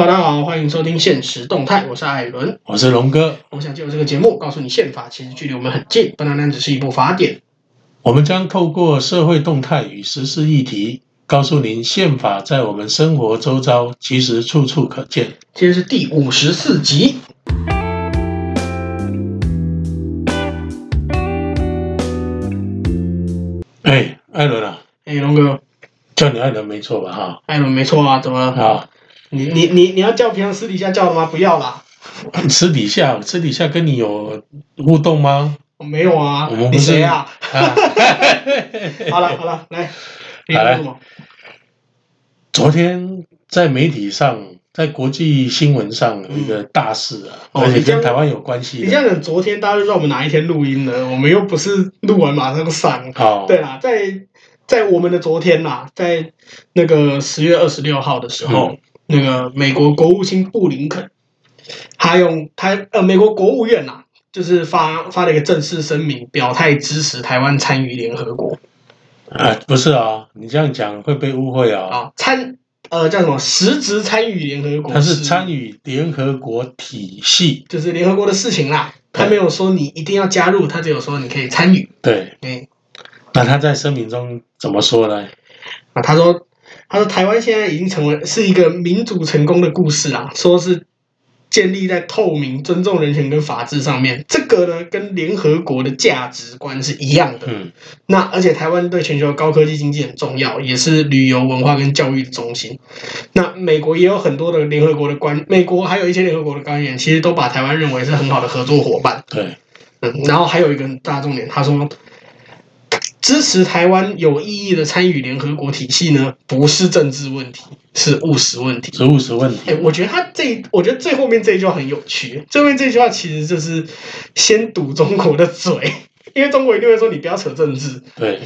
大家好，歡迎收聽《現實動態》，我是艾倫，我是龍哥。我想借著這個節目，告訴你憲法其實距離我們很近，不單單只是一部法典。我們將透過社會動態與時事議題，告訴您憲法在我們生活周遭其實處處可見。今天是第五十四集。哎，艾倫啊！哎，龍哥，叫你艾倫沒錯吧？哈，艾倫沒錯啊？怎麼了？啊？你你你你要叫平常私底下叫的嗎？不要啦。私 底下私底下跟你有互動嗎？沒有啊。我們不是啊。好了好了，來。來。你昨天在媒體上，在國際新聞上有一個大事啊，嗯、而且跟台灣有關係。你這樣講，昨天大家就知道我們哪一天錄音呢，我們又不是錄完馬上散。好。對啦，在在我們的昨天啊，在那個十月二十六號的時候。那個美國國務卿布林肯，他用他呃美國國務院吶、啊，就是發發了一個正式聲明，表態支持台灣參與聯合國。啊、呃，不是啊、哦，你這樣講會被誤會啊、哦。啊，參呃叫什麼？實質參與聯合國。他是參與聯合國體系。就是聯合國的事情啦，對他沒有說你一定要加入，他只有說你可以參與。對。對、嗯。那他在聲明中怎麼說呢？啊，他說。他說：“台灣現在已經成為是一個民主成功的故事啊，說是建立在透明、尊重人權跟法治上面。這個呢，跟聯合國的價值觀是一樣的。嗯，那而且台灣對全球高科技經濟很重要，也是旅遊文化跟教育的中心。那美國也有很多的聯合國的官，美國還有一些聯合國的官員，其實都把台灣認為是很好的合作伙伴。對，嗯，嗯，然後還有一個大重點，他說。”支持台灣有意義的參與聯合國體系呢，不是政治問題，是務實問題。是務實問題。欸，我覺得他這，我覺得最後面這一句話很有趣。最後面這句話其實就是先堵中國的嘴，因為中國一定會說你不要扯政治。對。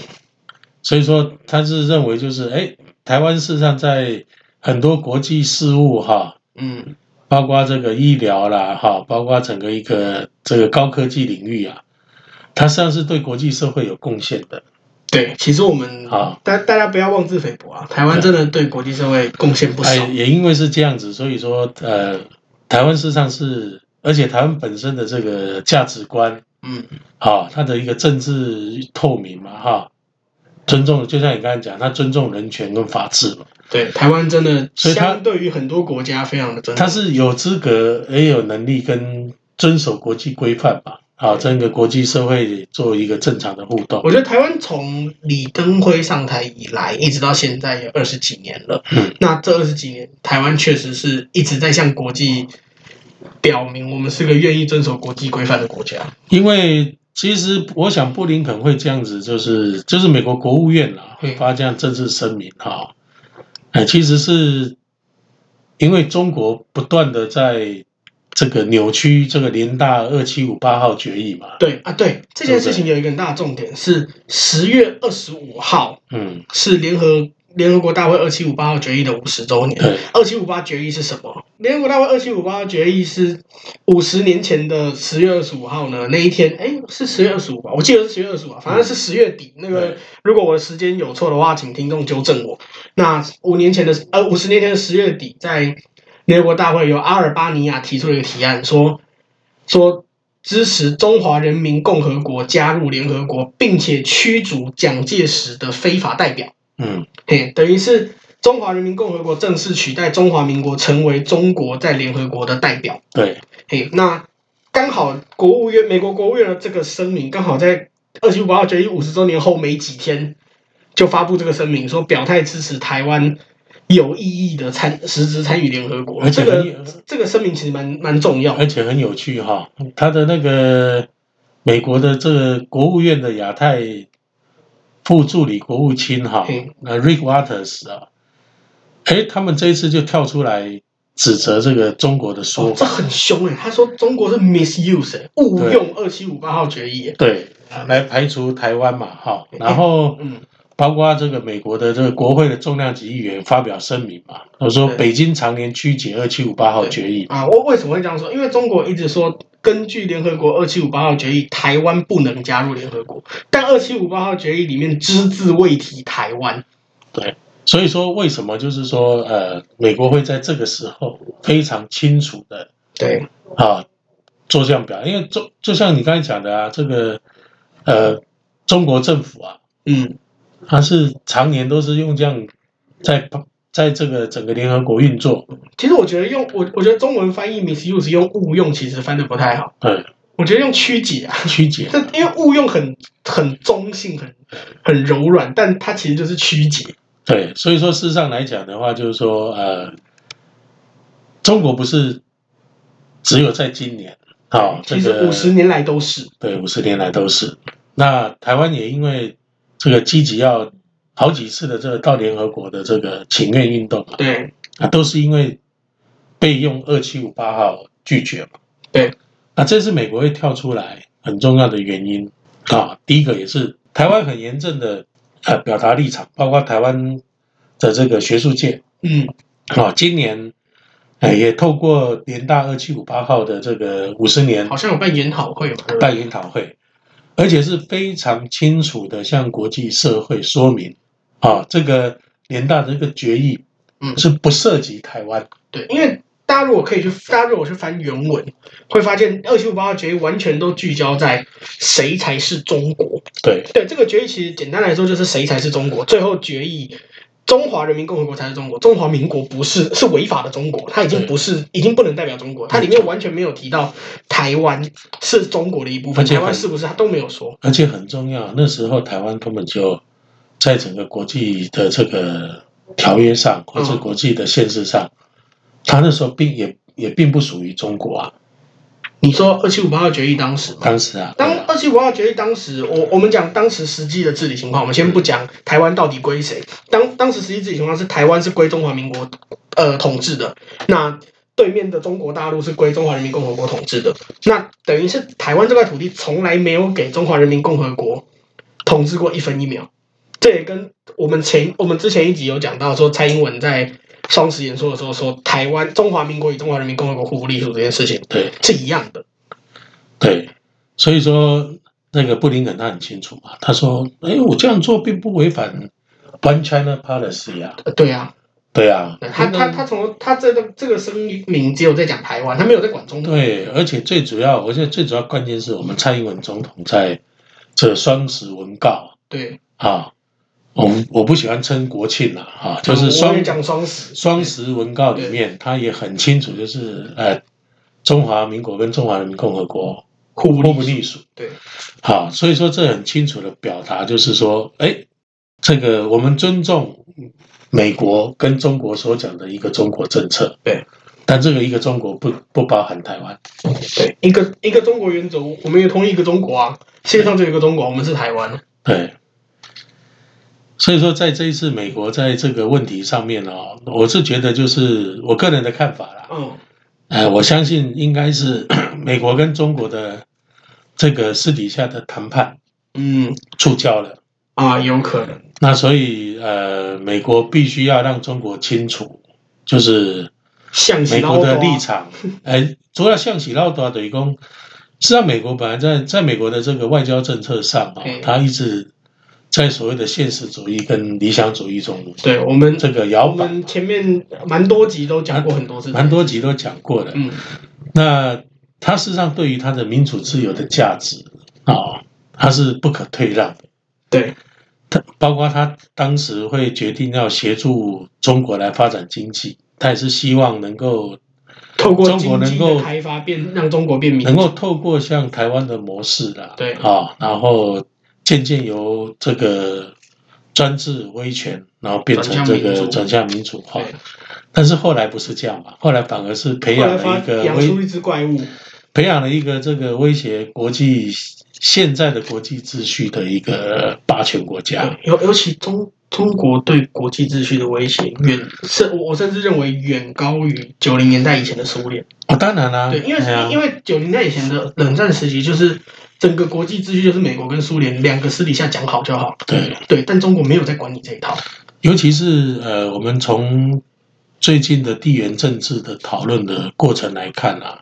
所以說他是認為就是哎，欸，台灣事實上在很多國際事務哈，嗯，包括這個醫療啦哈，包括整個一個這個高科技領域啊，它實際上是對國際社會有貢獻的。對，其實我們啊，大、哦、大家不要妄自菲薄啊！台灣真的對國際社會貢獻不少，哎。也因為是這樣子，所以說，呃，台灣事實上是，而且台灣本身的這個價值觀，嗯，好、哦，它的一個政治透明嘛，哈，尊重，就像你剛才講，它尊重人權跟法治嘛。對，台灣真的相對於很多國家非常的尊重，重。它是有資格也有能力跟遵守國際規範吧。啊，整個國際社會做一個正常的互動。我覺得台灣從李登輝上台以來，一直到現在有二十幾年了。嗯、那這二十幾年，台灣確實是一直在向國際表明，我們是個願意遵守國際規範的國家。因為其實我想，布林肯會這樣子，就是就是美國國務院啊會發這樣正式聲明哈、啊。嗯、其實是因為中國不斷的在。這個扭曲這個聯大二七五八號決議嘛。對啊對，對這件事情有一個很大的重點是十月二十五號，嗯，是聯合、嗯、聯合國大會二七五八號決議的五十週年。二七五八決議是什麼？聯合國大會二七五八決議是五十年前的十月二十五號呢，那一天，哎，是十月二十五吧？我記得是十月二十五，反正是十月底。嗯、那個，嗯、如果我的時間有錯的話，請聽眾糾正我。那五年前的，呃，五十年前的十月底，在聯合國大會由阿爾巴尼亞提出了一個提案說，說說支持中華人民共和國加入聯合國，並且驅逐蔣介石的非法代表。嗯，嘿，hey, 等於是中華人民共和國正式取代中華民國成為中國在聯合國的代表。對、嗯，嘿，hey, 那剛好國務院，美國國務院的這個聲明，剛好在二七五八號決議五十周年後沒幾天就發布這個聲明，說表態支持台灣，有意義的參實質參與聯合國，這個這個聲明其實蠻蠻重要，而且很有趣哈、哦。他的那個美國的這個國務院的亞太副助理國務卿哈、哦，那、嗯、Rick Waters 啊、哦，哎、欸，他們這一次就跳出來指責這個中國的說、哦，這很凶哎、欸，他說中國是 misuse 誤、欸、用二七五八號決議，對，對、啊，來排除台灣嘛哈、哦，然後嗯。包括這個美國的這個國會的重量級議員發表聲明嘛。他說：“北京常年曲解二七五八號決議啊。”我為什麼會這樣說？因為中國一直說根據聯合國二七五八號決議，台灣不能加入聯合國。但二七五八號決議裡面只字未提台灣。對，所以說為什麼就是說呃，美國會在這個時候非常清楚的對啊做這樣表？因為就就像你剛才講的啊，這個呃，中國政府啊，嗯。他是常年，都是用這樣在，在在這個整個聯合國運作。其實我覺得用我，我覺得中文翻譯 misuse 用誤用，其實翻的不太好。對，我覺得用曲解啊，曲解啊。這因為誤用很很中性，很很柔軟，但它其實就是曲解。對，所以說事實上來講的話，就是說呃，中國不是只有在今年啊，其實五十年來都是。對，五十年來都是。那台灣也因為。這個積極要好幾次的這個到聯合國的這個請願運動，對，啊，都是因為被用二七五八號拒絕嘛，對，那、啊、這是美國會跳出來很重要的原因啊。第一個也是台灣很嚴正的呃表達立場，包括台灣的這個學術界，嗯，啊，今年哎、呃、也透過聯大二七五八號的這個五十年，好像有辦研討會有辦研討會。而且是非常清楚的向國際社會說明，啊，這個聯大的這個決議，嗯，是不涉及台灣，嗯。對，因為大家如果可以去，大家如果去翻原文，會發現二七五八決議完全都聚焦在誰才是中國。對對，這個決議其實簡單來說就是誰才是中國。最後決議。中華人民共和國才是中國，中華民國不是，是違法的中國，它已經不是，已經不能代表中國，對它裡面完全沒有提到台灣是中國的一部分，台灣是不是它都沒有說。而且很重要，那時候台灣根本就在整個國際的這個條約上，或者國際的限制上，嗯、它那時候並也也並不屬於中國啊。你說二七五八號決議當時？當時啊，啊當二七五八號決議當時，我我們講當時實際的治理情況，我們先不講台灣到底歸誰。當當時實際治理情況是台灣是歸中華民國呃統治的，那對面的中國大陸是歸中華人民共和國統治的。那等於是台灣這塊土地從來沒有給中華人民共和國統治過一分一秒。這也跟我們前我們之前一集有講到說蔡英文在雙十演說的時候說，台灣、中華民國與中華人民共和國互不隸屬這件事情，對，是一樣的。對，所以說那個布林肯他很清楚嘛，他說：“哎，我這樣做並不違反 One China Policy 呀、啊。呃”對呀、啊，對呀、啊嗯。他他他從他這個這個聲明只有在講台灣，他沒有在管中國。對，而且最主要，我覺得最主要關鍵是我們蔡英文總統在這雙十文告。對，啊。我、嗯、我不喜歡稱國慶了啊，就是雙，就講雙十，雙十文告裡面，他也很清楚，就是呃，中華民國跟中華人民共和國互不隸屬，對，好，所以說這很清楚的表達，就是說，哎，這個我們尊重美國跟中國所講的一個中國政策，對，但這個一個中國不不包含台灣，okay, 對，對一個一個中國原則，我們也同意一個中國啊，世界上就有一個中國，我們是台灣，對。對所以說，在這一次美國在這個問題上面呢、哦，我是覺得就是我個人的看法啦。嗯、呃，我相信應該是美國跟中國的這個私底下的談判，嗯，觸礁了啊，有可能。呃、那所以呃，美國必須要讓中國清楚，就是美國的立場。哎，除了向棋撈多等於講，實際上美國本來在在美國的這個外交政策上啊、哦，他 Okay. 一直。在所謂的現實主義跟理想主義中，對我們這個搖擺，我們前面蠻多集都講過很多次，蠻多集都講過的。嗯，那他事實上對於他的民主自由的價值啊，他是不可退讓的。對他，包括他當時會決定要協助中國來發展經濟，他也是希望能夠透過中國能夠開發變，讓中國變民，能夠透過像台灣的模式啦，對啊，然後。漸漸由這個專制威權，然後變成這個轉向民主化，嗯、但是後來不是這樣嘛？後來反而是培養了一個，養出一隻怪物培養一培養了一個這個威脅國際現在的國際秩序的一個霸權國家。尤尤其中中國對國際秩序的威脅，遠甚我甚至認為遠高於九零年代以前的蘇聯、哦。當然啦、啊，對，因為、啊、因為九零年代以前的冷戰時期就是。整個國際秩序就是美國跟蘇聯兩個私底下講好就好。對對，但中國沒有在管你這一套。尤其是呃，我們從最近的地緣政治的討論的過程來看啊，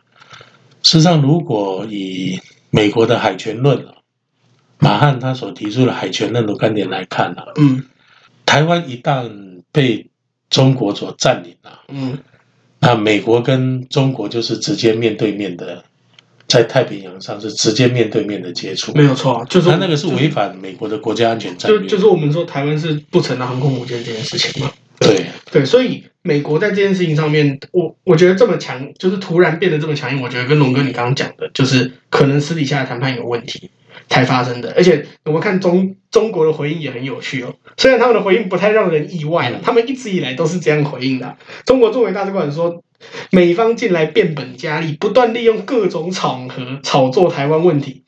實際上，如果以美國的海權論啊，馬漢他所提出的海權論的觀點來看啊，嗯，台灣一旦被中國所佔領了啊，嗯，那美國跟中國就是直接面對面的。在太平洋上是直接面對面的接觸，沒有錯、啊，就是他那個是違反美國的國家安全戰略就。就就是我們說台灣是不成了航空母艦這件事情嘛、嗯？對對，所以美國在這件事情上面，我我覺得這麼強，就是突然變得這麼強硬，我覺得跟龍哥你剛剛講的，就是可能私底下的談判有問題才發生的。而且我們看中中國的回應也很有趣哦，雖然他們的回應不太讓人意外了，他們一直以來都是這樣回應的、啊。中國駐美大使館說。美方近來變本加厲，不斷利用各種場合炒作台灣問題，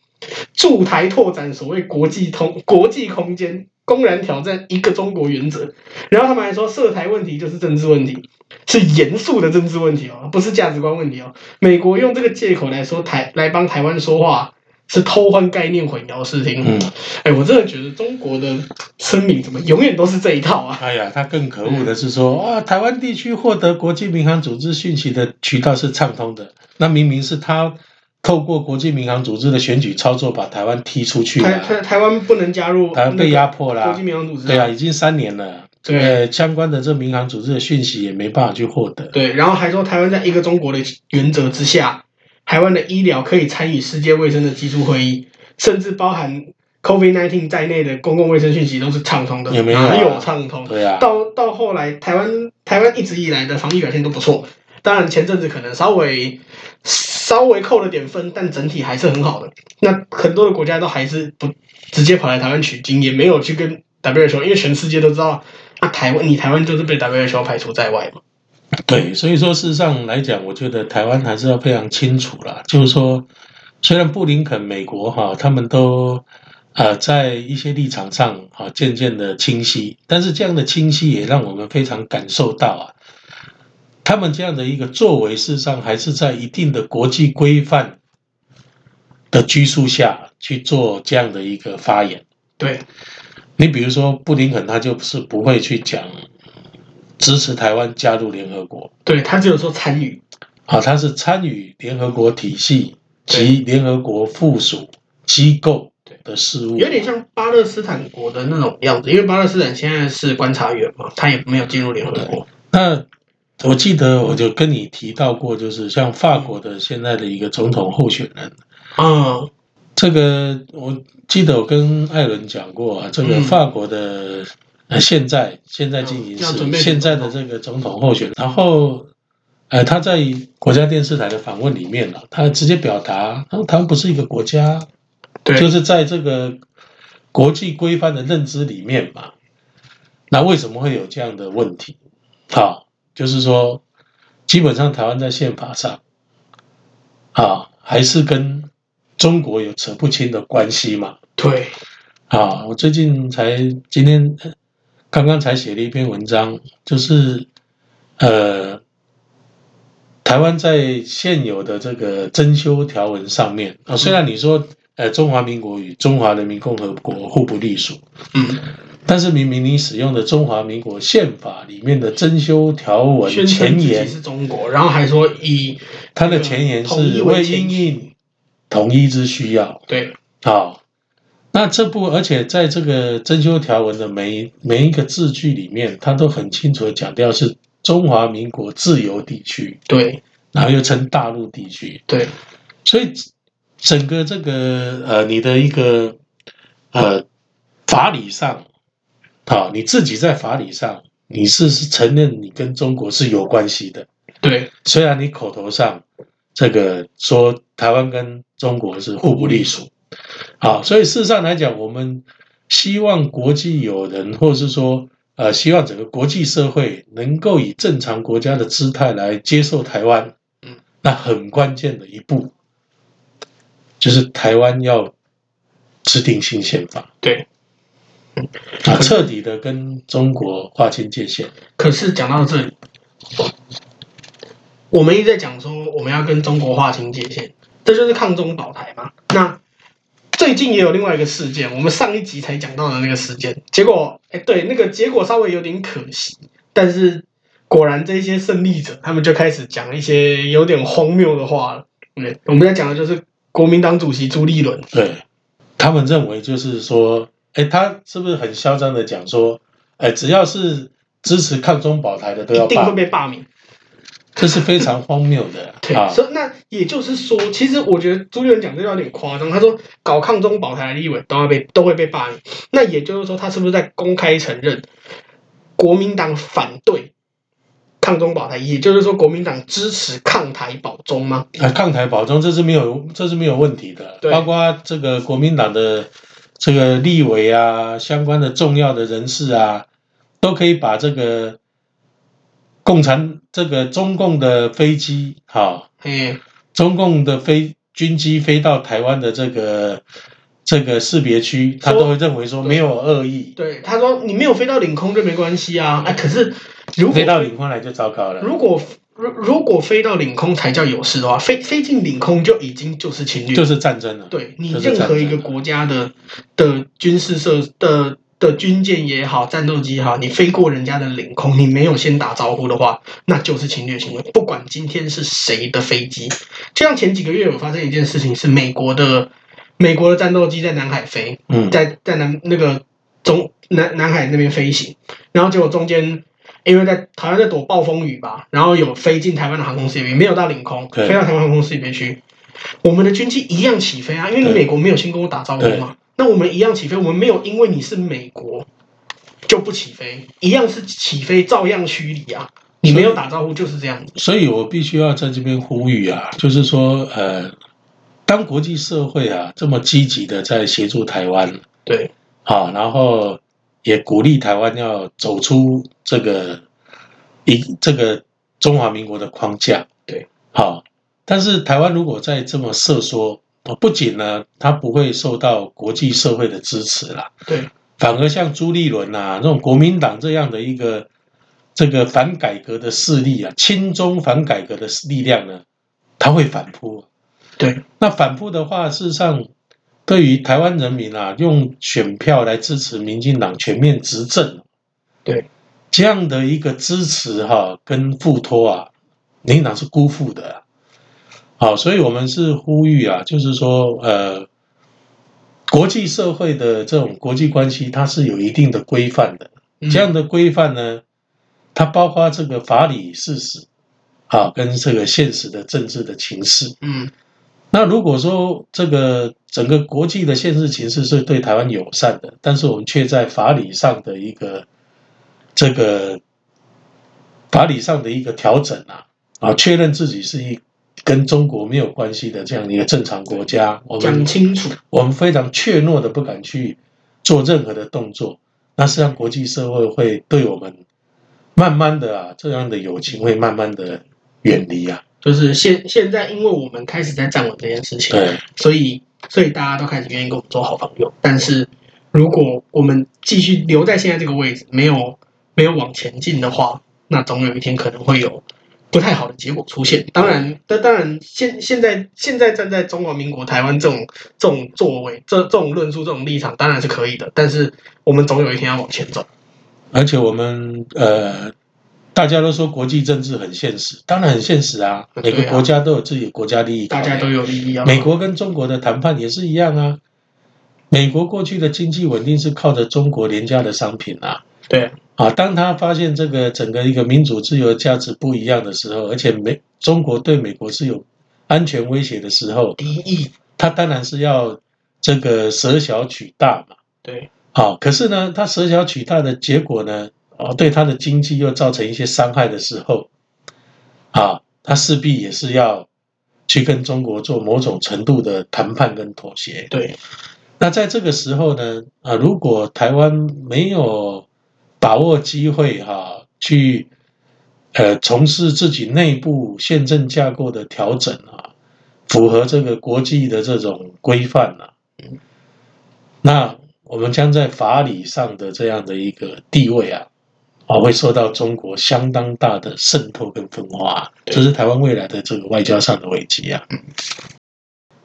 助台拓展所謂國際通國際空間，公然挑戰一個中國原則。然後他們還說，涉台問題就是政治問題，是嚴肅的政治問題哦，不是價值觀問題哦。美國用這個借口來說台，來幫台灣說話。是偷換概念、混淆視聽。嗯，哎、欸，我真的覺得中國的聲明怎麼永遠都是這一套啊？哎呀，他更可惡的是說啊、嗯，台灣地區獲得國際民航組織訊息的渠道是暢通的，那明明是他透過國際民航組織的選舉操作把台灣踢出去台，台台灣不能加入，台灣被壓迫了，國際民航組織啊，對啊，已經三年了，這個對、呃、相關的這個民航組織的訊息也沒辦法去獲得。對，然後還說台灣在一個中國的原則之下。台灣的醫療可以參與世界衛生的技術會議，甚至包含 COVID-19 在內的公共衛生訊息都是暢通的，也沒有暢、啊啊、通，對啊。到到後來，台灣台灣一直以來的防疫表現都不錯，當然前陣子可能稍微稍微扣了點分，但整體還是很好的。那很多的國家都還是不直接跑來台灣取經，也沒有去跟 WHO，因為全世界都知道，那、啊、台灣你台灣就是被 WHO 排除在外嘛。對，所以說事實上來講，我覺得台灣還是要非常清楚啦，就是說，雖然布林肯、美國哈、啊、他們都呃在一些立場上哈，漸漸的清晰，但是這樣的清晰也讓我們非常感受到啊，他們這樣的一個作為，事實上還是在一定的國際規範的拘束下去做這樣的一個發言。對，你比如說布林肯，他就是不會去講。支持台灣加入聯合國，對，他只有說參與，啊、哦，他是參與聯合國體系及聯合國附屬機構的事務，有點像巴勒斯坦國的那種樣子，因為巴勒斯坦現在是觀察員嘛，他也沒有進入聯合國。那我記得我就跟你提到過，就是像法國的現在的一個總統候選人，啊、嗯，這個我記得我跟艾倫講過啊，這個法國的。現在現在進行式，現在的這個總統候選人，然後，呃，他在國家電視台的訪問裡面，他直接表達，他們不是一個國家，對，就是在這個國際規範的認知裡面嘛。那為什麼會有這樣的問題？好，就是說，基本上台灣在憲法上，啊，還是跟中國有扯不清的關係嘛？對，啊，我最近才今天，剛剛才寫了一篇文章，就是，呃，台灣在現有的這個增修條文上面啊，雖然你說，呃，中華民國與中華人民共和國互不隸屬，嗯，但是明明你使用的中華民國憲法裡面的增修條文前言是中國，然後還說以它的前言是為因應統一之需要，對，好，哦。那這部，而且在這個《增修條文》的每每一個字句裡面，他都很清楚的講到是中華民國自由地區，對，然後又稱大陸地區，對，所以整個這個呃，你的一個呃法理上，好，你自己在法理上，你是是承認你跟中國是有關係的，對，雖然你口頭上這個說台灣跟中國是互不隸屬。好，所以事實上來講，我們希望國際友人，或是說，呃，希望整個國際社會能夠以正常國家的姿態來接受台灣，那很關鍵的一步就是台灣要制定新憲法，對，徹底的跟中國劃清界限。可是講到這裡，我們一直在講說我們要跟中國劃清界限，這就是抗中保台嘛。那，最近也有另外一個事件，我們上一集才講到的那個事件，結果，哎、欸，對，那個結果稍微有點可惜，但是果然這些勝利者，他們就開始講一些有點荒謬的話了。對，我們要講的就是國民黨主席朱立倫，對他們認為就是說，哎、欸，他是不是很囂張的講說，哎、欸，只要是支持抗中保台的，都要一定會被罷免。這是非常荒謬的。 對，啊、所以那也就是說，其實我覺得朱立倫講的有點誇張。他說搞抗中保台的立委都要被都會被罷免，那也就是說，他是不是在公開承認國民黨反對抗中保台？也就是說，國民黨支持抗台保中嗎？啊，抗台保中這是沒有，這是沒有問題的。對包括這個國民黨的這個立委啊，相關的重要的人士啊，都可以把這個。共產這個中共的飛機，好、哦，hey, 中共的飛軍機飛到台灣的這個這個識別區，說他都會認為說沒有惡意對。對，他說你沒有飛到領空就沒關係啊，哎、啊，可是如果飛到領空來就糟糕了。如果如如果飛到領空才叫有事的話，飛飛進領空就已經就是侵略，就是戰爭了。對你任何一個國家的的,的軍事設的。的軍艦也好，戰鬥機也好，你飛過人家的領空，你沒有先打招呼的話，那就是侵略行為。不管今天是誰的飛機，就像前幾個月有發生一件事情，是美國的美國的戰鬥機在南海飛，嗯，在在南那個中南南海那邊飛行，然後結果中間因為在台灣在躲暴風雨吧，然後有飛進台灣的航空識別區，沒有到領空，對飛到台灣航空識別區那邊去。我們的軍機一樣起飛啊，因為你美國沒有先跟我打招呼嘛。那我們一樣起飛，我們沒有因為你是美國，就不起飛，一樣是起飛，照樣虛擬啊。你沒有打招呼就是這樣子。所以，所以我必須要在這邊呼籲啊，就是說，呃，當國際社會啊這麼積極的在協助台灣，對，好，然後也鼓勵台灣要走出這個一這個中華民國的框架，對，好，但是台灣如果再這麼瑟縮。不僅呢，他不會受到國際社會的支持啦，對，反而像朱立倫吶、啊，這種國民黨這樣的一個這個反改革的勢力啊，親中反改革的力量呢，他會反撲，對，那反撲的話，事實上對於台灣人民啊，用選票來支持民進黨全面執政，對這樣的一個支持哈、啊，跟付託啊，民黨是辜負的。好，所以，我們是呼籲啊，就是說，呃，國際社會的這種國際關係，它是有一定的規範的。這樣的規範呢，它包括這個法理事實，啊，跟這個現實的政治的情勢。嗯。那如果說這個整個國際的現實情勢是對台灣友善的，但是我們卻在法理上的一個這個法理上的一個調整啊，啊，確認自己是一，跟中國沒有關係的這樣一個正常國家，講清楚我們，我們非常怯懦的不敢去做任何的動作，那是讓國際社會會對我們慢慢的啊，這樣的友情會慢慢的遠離啊。就是現現在，因為我們開始在站穩這件事情，對，所以所以大家都開始願意跟我們做好朋友。但是如果我們繼續留在現在這個位置，沒有沒有往前進的話，那總有一天可能會有，不太好的結果出現，當然，那當然，現現在現在站在中華民國台灣這種這種座位，這這種論述這種立場當然是可以的，但是我們總有一天要往前走。而且我們呃，大家都說國際政治很現實，當然很現實啊，每個國家都有自己的國家利益啊，大家都有利益啊。美國跟中國的談判也是一樣啊，美國過去的經濟穩定是靠着中國廉價的商品啊。對啊，啊，當他發現這個整個一個民主自由價值不一樣的時候，而且美，中國對美國是有安全威脅的時候，敵意，他當然是要這個捨小取大嘛。對，好，啊，可是呢，他捨小取大的結果呢，啊，對他的經濟又造成一些傷害的時候，啊，他勢必也是要去跟中國做某種程度的談判跟妥協。對，對，那在這個時候呢，啊，如果台灣沒有。把握機會，哈，去，呃，從事自己內部憲政架構的調整啊，符合這個國際的這種規範啊。那我們將在法理上的這樣的一個地位啊，啊，會受到中國相當大的滲透跟分化，這是台灣未來的這個外交上的危機啊。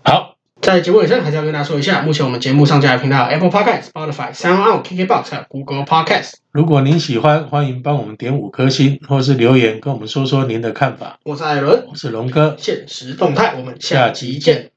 好。在節目尾聲，還是要跟大家說一下，目前我們節目上架的頻道：Apple Podcast, Podcast、Spotify、SoundOn KKBOX、Google Podcast。如果您喜歡，歡迎幫我們點五顆星，或是留言跟我們說說您的看法。我是艾倫，我是龍哥，限時動態，我們下期見。